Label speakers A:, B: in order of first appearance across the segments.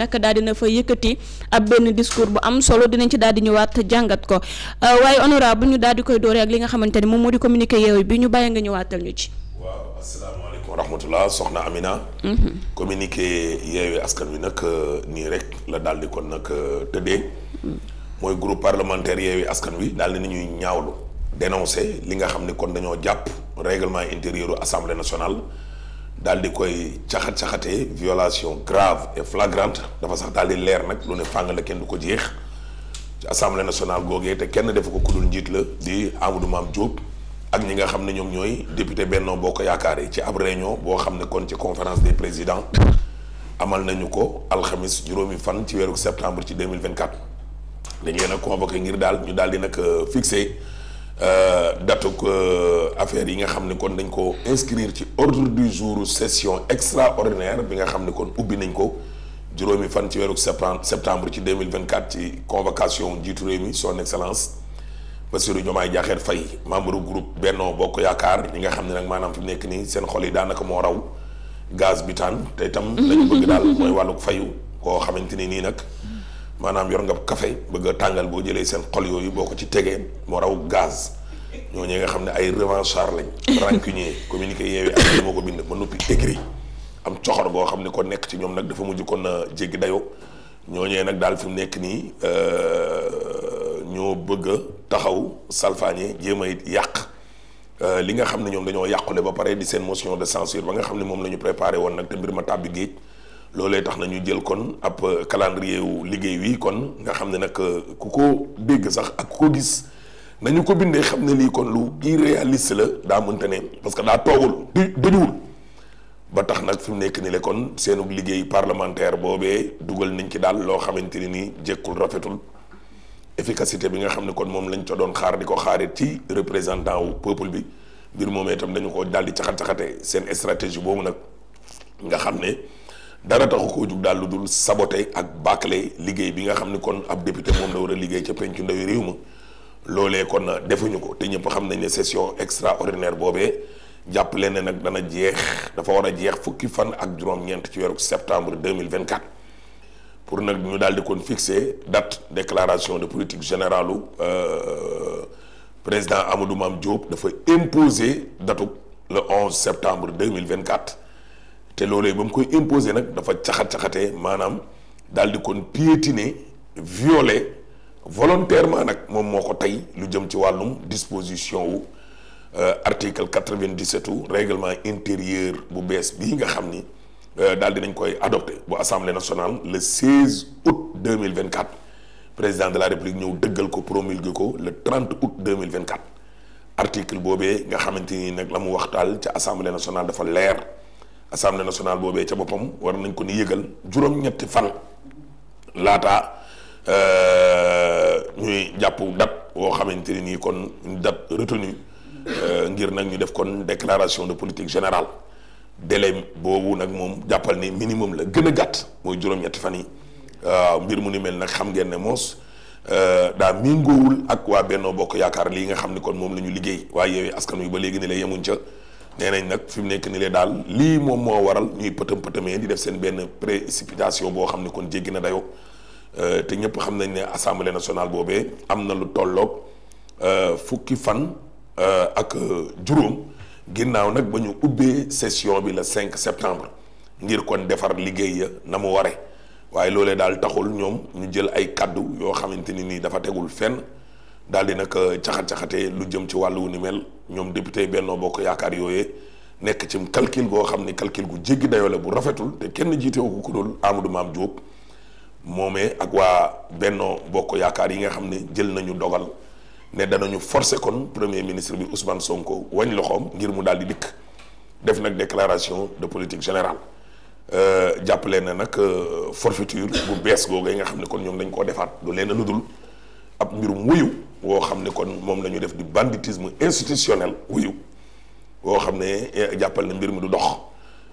A: naka daal dina fa yëkkati ab benn discours bu am solo dinañ ci daal di ñëwaat jàngat ko euh, waaye bu ñu daal di koy dooree ak li nga xamante ni moom moo di communiqué yeewu bi ñu bàyyi nga ñëwaatal ñu ci. waaw
B: asalaamaaleykum wa rahmatulah soxna Amina. Mhm. communiqué yeewu askan wi nag euh, nii rek la daal di kon nag euh, tëddee. mooy groupe parlementaire yeewu askan wi daal di ñuy ñaawlu dénoncé li nga xam ni kon dañoo jàpp règlement intérieur assemblée nationale. daal di koy caxat-caxatee violation grave et flagrante dafa sax daal di leer nag lu ne fàng la kenn du ko jeex ci assemblée nationale googee te kenn defu ko kudul njiit la di Amadou Mame Diop ak ñi nga xam ne ñoom ñooy député Benno ko Yaakaar yi ci ab réunion boo xam ne kon ci conférence des présidents amal nañu ko alxamis juróomi fan ci weeru septembre ci 2024 dañu leen a convoqué ngir daal ñu daal di nag euh, fixé Euh, datu euh, affaire yi nga xam ne kon dañ ko inscrire ci ordre du jour session extraordinaire bi nga xam ne kon ubbi nañ ko juróomi fan ci weeru septembre septembre ci deux mille vingt quatre ci convocation njiitu réew mi son excellence Bassirou Diomaye Diakhar fay membre group Benno Bokk Yaakaar ñi nga xam ne nag maanaam fi mu nekk nii seen xol yi daanaka moo raw gaz bi taan te itam. lañu bëgg daal mooy wàlluk fayu koo xamante ni nii nag. maanaam yor nga café bëgg a tàngal boo jëlee seen xol yooyu boo ko ci tegee moo raw gaz ñooñu nga xam ne ay revanchard lañ rancunier communiqué yeewee ak moo ko bind ba noppi aigri am coxor goo xam ne ko nekk ci ñoom nag dafa mujj kon euh, jéggi dayoo ñooñee nag daal fi mu nekk nii euh, ñoo bëgg a taxaw salfaañe jéem a yàq euh, li nga xam ne ñoom dañoo yàqule ba pare di seen motion de censure ba nga xam ne moom la ñu préparé woon nag te mbir ma tàbbi géej loolee tax na ñu jël kon ab calendrier wu liggéey wi kon nga xam ne nag euh, ku ko dégg sax ak ko gis nañu ko bindee xam ne lii kon lu irréaliste la daa mënta ne parce que daa toogul du dañuwul ba tax nag fi mu nekk ni le kon seenug liggéey parlementaire boobee dugal nañ ci daal loo xamante ni nii jekkul rafetul efficacité bi nga xam ne kon moom lañ ca doon xaar di ko xaarit ci représentant wu peuple bi mbir moom itam dañu ko daal di caxat-caxate seen stratégie boobu nag nga xam ne dara taxu koo jug daal lu dul saboté ak bacle liggéey bi nga xam ni kon ab député moom la war a liggéey ca pencu ndawi réew ma loole kon defuñu ko te ñëpp xam nañ ne session extraordinaire boobee jàpp leen ne nag dana jeex dafa war a jeex fukki fan ak juróom-ñeent ci weeru septembre 2024 pour nag ñu daal di kon fixer date déclaration de politique généralu u euh, président Amadou Mame Diop dafa imposer datu le 11 septembre 2024 te loolee ba mu koy imposer nag dafa caxat-caxatee maanaam daal di kon piétiner violer volontairement nag moom moo ko tey lu jëm ci wàllum disposition wu euh, article 97 u règlement intérieur bu bees bii nga xam ni euh, daal di nañ koy adopté bu assemblée nationale le 16 août 2024 président de la république ñëw dëggal ko promulgué ko le 30 août 2024 article boobee nga xamante ni nag la mu waxtaal ca assemblée nationale dafa leer assemblée nationale boobee ca boppam war nañ ko ni yëgal juróom-ñetti fan euh, ñuy jàpp date woo xamante ne nii kon date retenue euh, ngir nag ñu def kon déclaration de politique générale délai boobu nag moom jàppal ni minimum la gën a gàtt mooy juróom-ñetti fan yi waaw mbir mu ni mel nag xam ngeen ne moos euh, daa méngoowul ak waa Bennoo Bokk Yaakaar lii nga xam ni kon moom la ñu liggéey waaye Yewwi Askan Wi ba léegi ne la yemuñ ca. nee nag fi mu nekk ni lee daal lii moom moo waral ñuy pëtëm pëtëmee di def seen benn précipitation boo xam ne kon jéggi na dayoo euh, te ñëpp xam nañ ne assemblée nationale boobee am na lu tolloog euh, fukki fan euh, ak juróom ginnaaw nag ba ñu ubbee session bi le 5 septembre ngir kon defar liggéey ya na mu ware waaye loolee daal taxul ñoom ñu jël ay kàddu yoo xamante ni nii dafa tegul fenn daal di nag euh, caxat-caxatee lu jëm ci wàllu ni mel ñoom député Benno Bokk Yaakaar yooyee nekk ci calcul goo xam ni calcul gu jéggi dayoo la bu rafetul te kenn jiitewu ko ku dul Amadou Mame Diop moomee ak waa Benno Bokk Yaakaar yi nga xam ne jël nañu dogal ne danañu forcer kon premier ministre bi Ousmane Sonko wañ loxoom ngir mu daal di dikk def nag déclaration de politique générale euh, jàppale na nag euh, forfaiture bu bees googu yi nga xam ne kon ñoom dañ koo defaat du leen a ludul ab mbirum wuyu woo xam ne kon moom la ñu def di banditisme institutionnel wuyu woo xam ne eh, jàppal na mbir mi du dox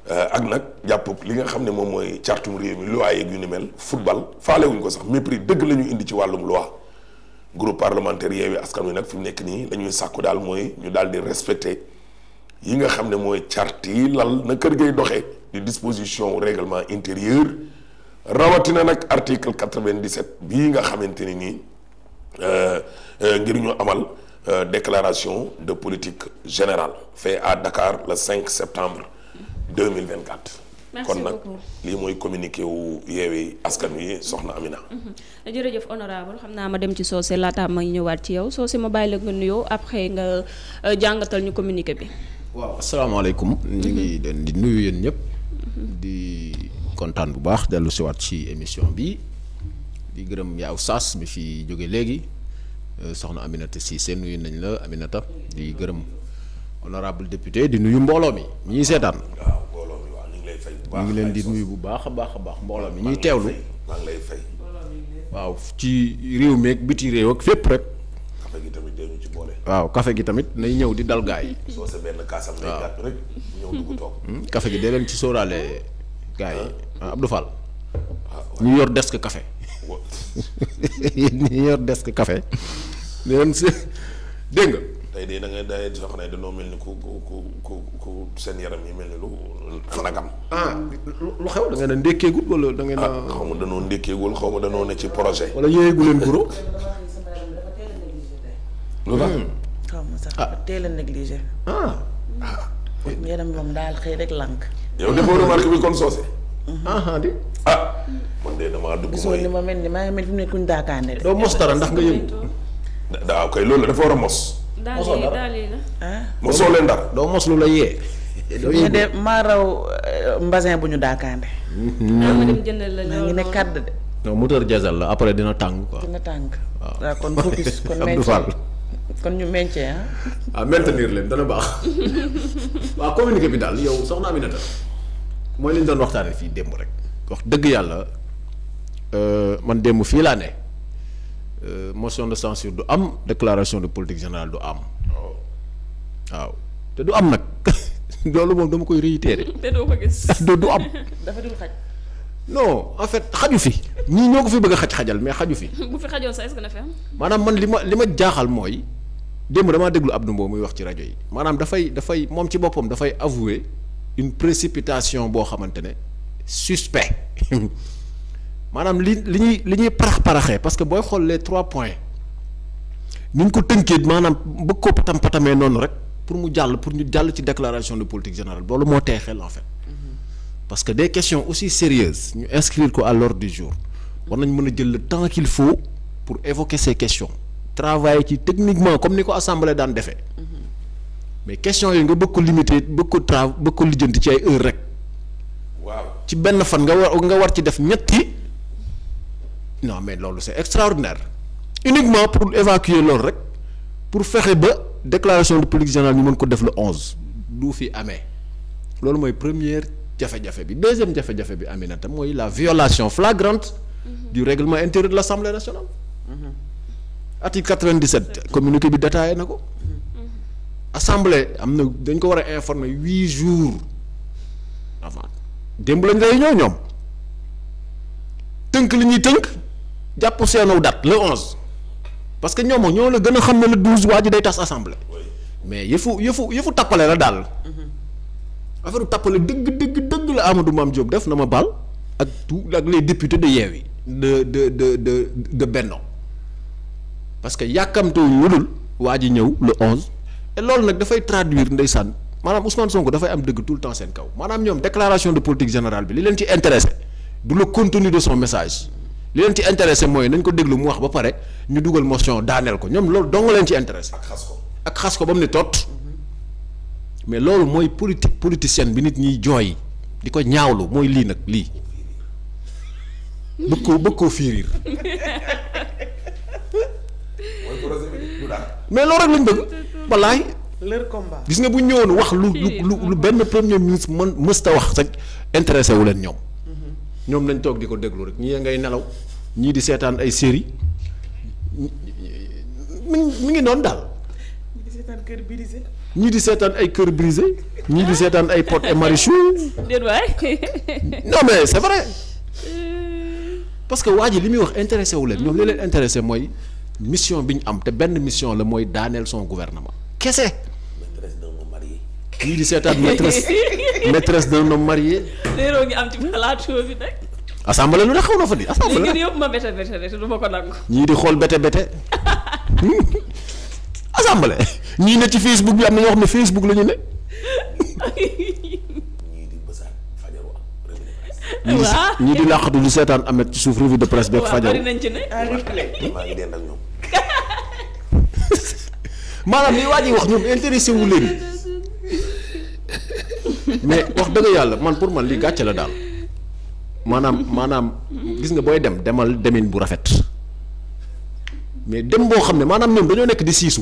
B: eh, ak nag jàpp li nga xam ne moom mooy cartum réew mi loi yeeg yu ni mel football faale wuñ ko sax mépris dëgg la indi ci wàllum loi groupe parlementaire Yewwi Askan Wi nag fi mu nekk nii la ñuy sàkku daal mooy ñu daal di respecté yi nga xam ne mooy charte yi lal na kër gay doxee di disposition règlement intérieur rawatina nag article 97 bii nga xamante ni nii Euh, euh, ngir ñu amal euh, déclaration de politique général fait à Dakar le 5 septembre 2024. kon nag lii mooy communiqué wu yeewee askan wi soxna Amina.
A: Mm-hmm. jërëjëf honorable xam naa ma dem ci Socé laataa ma ñëwaat ci yow Socé ma bàyyi la nga nuyoo après nga jàngatal ñu communiqué bi. waaw asalaamaaleykum. ñu ngi mm-hmm. leen di nuyu yéen ñëpp. Mm-hmm. di kontaan bu baax dellu siwaat ci émission bi. di gërëm yaaw saas mi fi jóge léegi euh, soxna Aminata seen nuyu nañ la Aminata di gërëm honorable député di nuyu mbooloo mi ñi ñuy seetaan. waaw lay fay. bu ngi leen di nuyu bu baax a baax a baax mbooloo mi ñuy teewlu.
B: maa ngi lay fay. waaw
A: ci réew mi ak biti réew ak fépp rek.
B: café gi tamit ci boole. waaw kafe
A: gi tamit nay ñëw di dal gaa yi.
B: soo sa benn kaasam
A: hmm, gi dee leen ci sóoraale gaay yi. Ah. Ah, Abdou Fall. Ah, ñu yor desk kafe yéen ñi des desk café si
B: dégg nga. tey de da ngay day di soxna dañoo mel ni ku ku ku ku seen yaram yi mel ni lu nagam. Ah, lu xew da ngeen a ndékkeegul wala da ngeen ah, xaw ma danoo ndékkeegul xaw danoo ne ci projet. wala yéegu leen guro.
A: lu tax hmm. xaw sax ah. teel a négligé. ah. yaram moom daal xëy rek lànk.
B: yow bi kon soose.
A: Ah, ah di. ah
B: man de damaa dugg. mooy gisoo
A: ma mel ni maa ngi mel ni kuñ daakaane doo mos dara ndax nga
B: yëngu. daaw kay loolu dafa war a mos. mosoo dara daal yi la. Ah. mosoo leen dara doo mos lu la yee. doo yëngu
A: de maa raw eh, mbasin bu ñu daakaande. Mm-hmm. maa ngi maa ngi ne kàdd de. non la après dina tàng quoi. dina tàng waaw ah, kon kon Abdou kon ñu meñcee ah. ah maintenir leen dana baax. waaw communiqué bi daal yow soxna Aminata. mooy lañ doon waxtaanee fii démb rek wax dëgg yàlla euh, man démb fii laa ne euh, motion de censure du am déclaration de politique générale du am oh. waaw te du am nag loolu moom dama koy réitéré.
B: te doo ko du am. dafa dul xaj.
A: non en fait xaju fi ñii ñoo ko fi bëgg a xaj xajal mais xaju fi.
B: bu fi xajoon sax est-ce
A: maanaam man li ma li ma jaaxal mooy démb damaa déglu Abdou Mbow muy wax ci rajo yi maanaam dafay dafay moom ci boppam dafay avouer. une précipitation boo xamante ne suspect maanaam li li ñuy li ñuy parax-paraxee parce que booy xool les trois points ni ñu ko tënkee maanaam bëgg ko patam patamee noonu rek pour mu jàll pour ñu jàll ci déclaration de politique générale loolu moo tee xel en fait mm-hmm. parce que des questions aussi sérieuses ñu inscrire ko à l'ordre du jour war nañ mën a jël le temps qu'il faut pour évoquer ces questions travailler ci techniquement comme ni ko assemblée daan defee mm-hmm. mais question yi nga bëgg ko limiter bëgg ko tra bëgg ko lijjanti ci ay heure rek. waaw ci benn fan nga war nga war ci def ñetti non mais loolu c'est extraordinaire uniquement pour évacuer loolu rek pour fexe ba déclaration de politique générale ñu mën ko def le onze. du fi amee loolu mooy première jafe-jafe bi deuxième jafe-jafe bi tam mooy la violation flagrante. Mm-hmm. du règlement intérieur de l'Assemblée nationale. Mm-hmm. article 97 communiqué bi détaillé na ko. assemblée am na dañ ko war a informer huit jours avant démb lañ réunion ñoom tënk li ñuy tënk jàpp seenu date le onze parce que ñoom ñoo la gën a xam ne le douze waa ji day tas assemblée mais yëfu yëfu yëfu tappale la daal mm-hmm. affaire tappale dëgg dëgg dëgg la Amadou Mame Diop def na ma baal ak tout ak les députés de Yewwi de de de de de Benno parce que yàkkamtoo ñu dul waa ji ñëw le onze et loolu nag dafay traduire ndeysaan maanaam Ousmane Sonko dafay am dëgg tout le temps seen kaw maanaam ñoom déclaration de politique générale bi li leen ci intéressé du le contenu de message li leen ci intéressé mooy nañ ko déglu mu wax ba pare ñu dugal motion daaneel ko ñoom loolu dong leen ci intéressé. ak xas ko ak ba mu ne toot mais loolu mooy politique politicienne bi nit ñuy jooy di ko ñaawlu mooy lii nag lii bëgg koo bëgg koo fiiriir mais loolu rek lañ bëgg. wallaay.
B: leur combat gis nga bu ñu ñëwoon wax lu
A: lu lu benn premier ministre mën mësta wax rek intéressé wu leen ñoom. Mhm. ñoom lañ toog di ko déglu rek ñii ngay nelaw ñii di seetaan ay série mu mi ngi noonu daal. ñii di seetaan cœur di seetaan ay cœur brisé ñii di seetaan ay Pod et Marichou.
B: déet waay. non mais euh.
A: que waa ji li muy wax intéressé wu leen. ñoom li leen intéressé mooy. mission bi ñu am te benn mission la mooy daaneel son gouvernement kese. maîtresse d'un di seetaat maîtresse maîtresse d'un homme marié.
B: réeroo ngi am ci plateau bi
A: nag. lu ne xaw na fa di. assemblée léegi
B: yëpp ma bete bete
A: ñii di xool bete bete. assemblée ñii ne ci Facebook bi am na ñoo xam ne Facebook la ñu ne.
B: ñii di làqatu di
A: seetaan amet ci suuf revue de presse beeg nañ
B: maa ngi dend ak ñoom.
A: maanaam li waa ji wax ñoom intéressé wu mais wax dëgg yàlla man pour man li gàcce la daal maanaam maanaam gis nga booy
B: dem demal demin bu rafet mais dem boo xam ne maanaam ñoom dañoo nekk di siisu.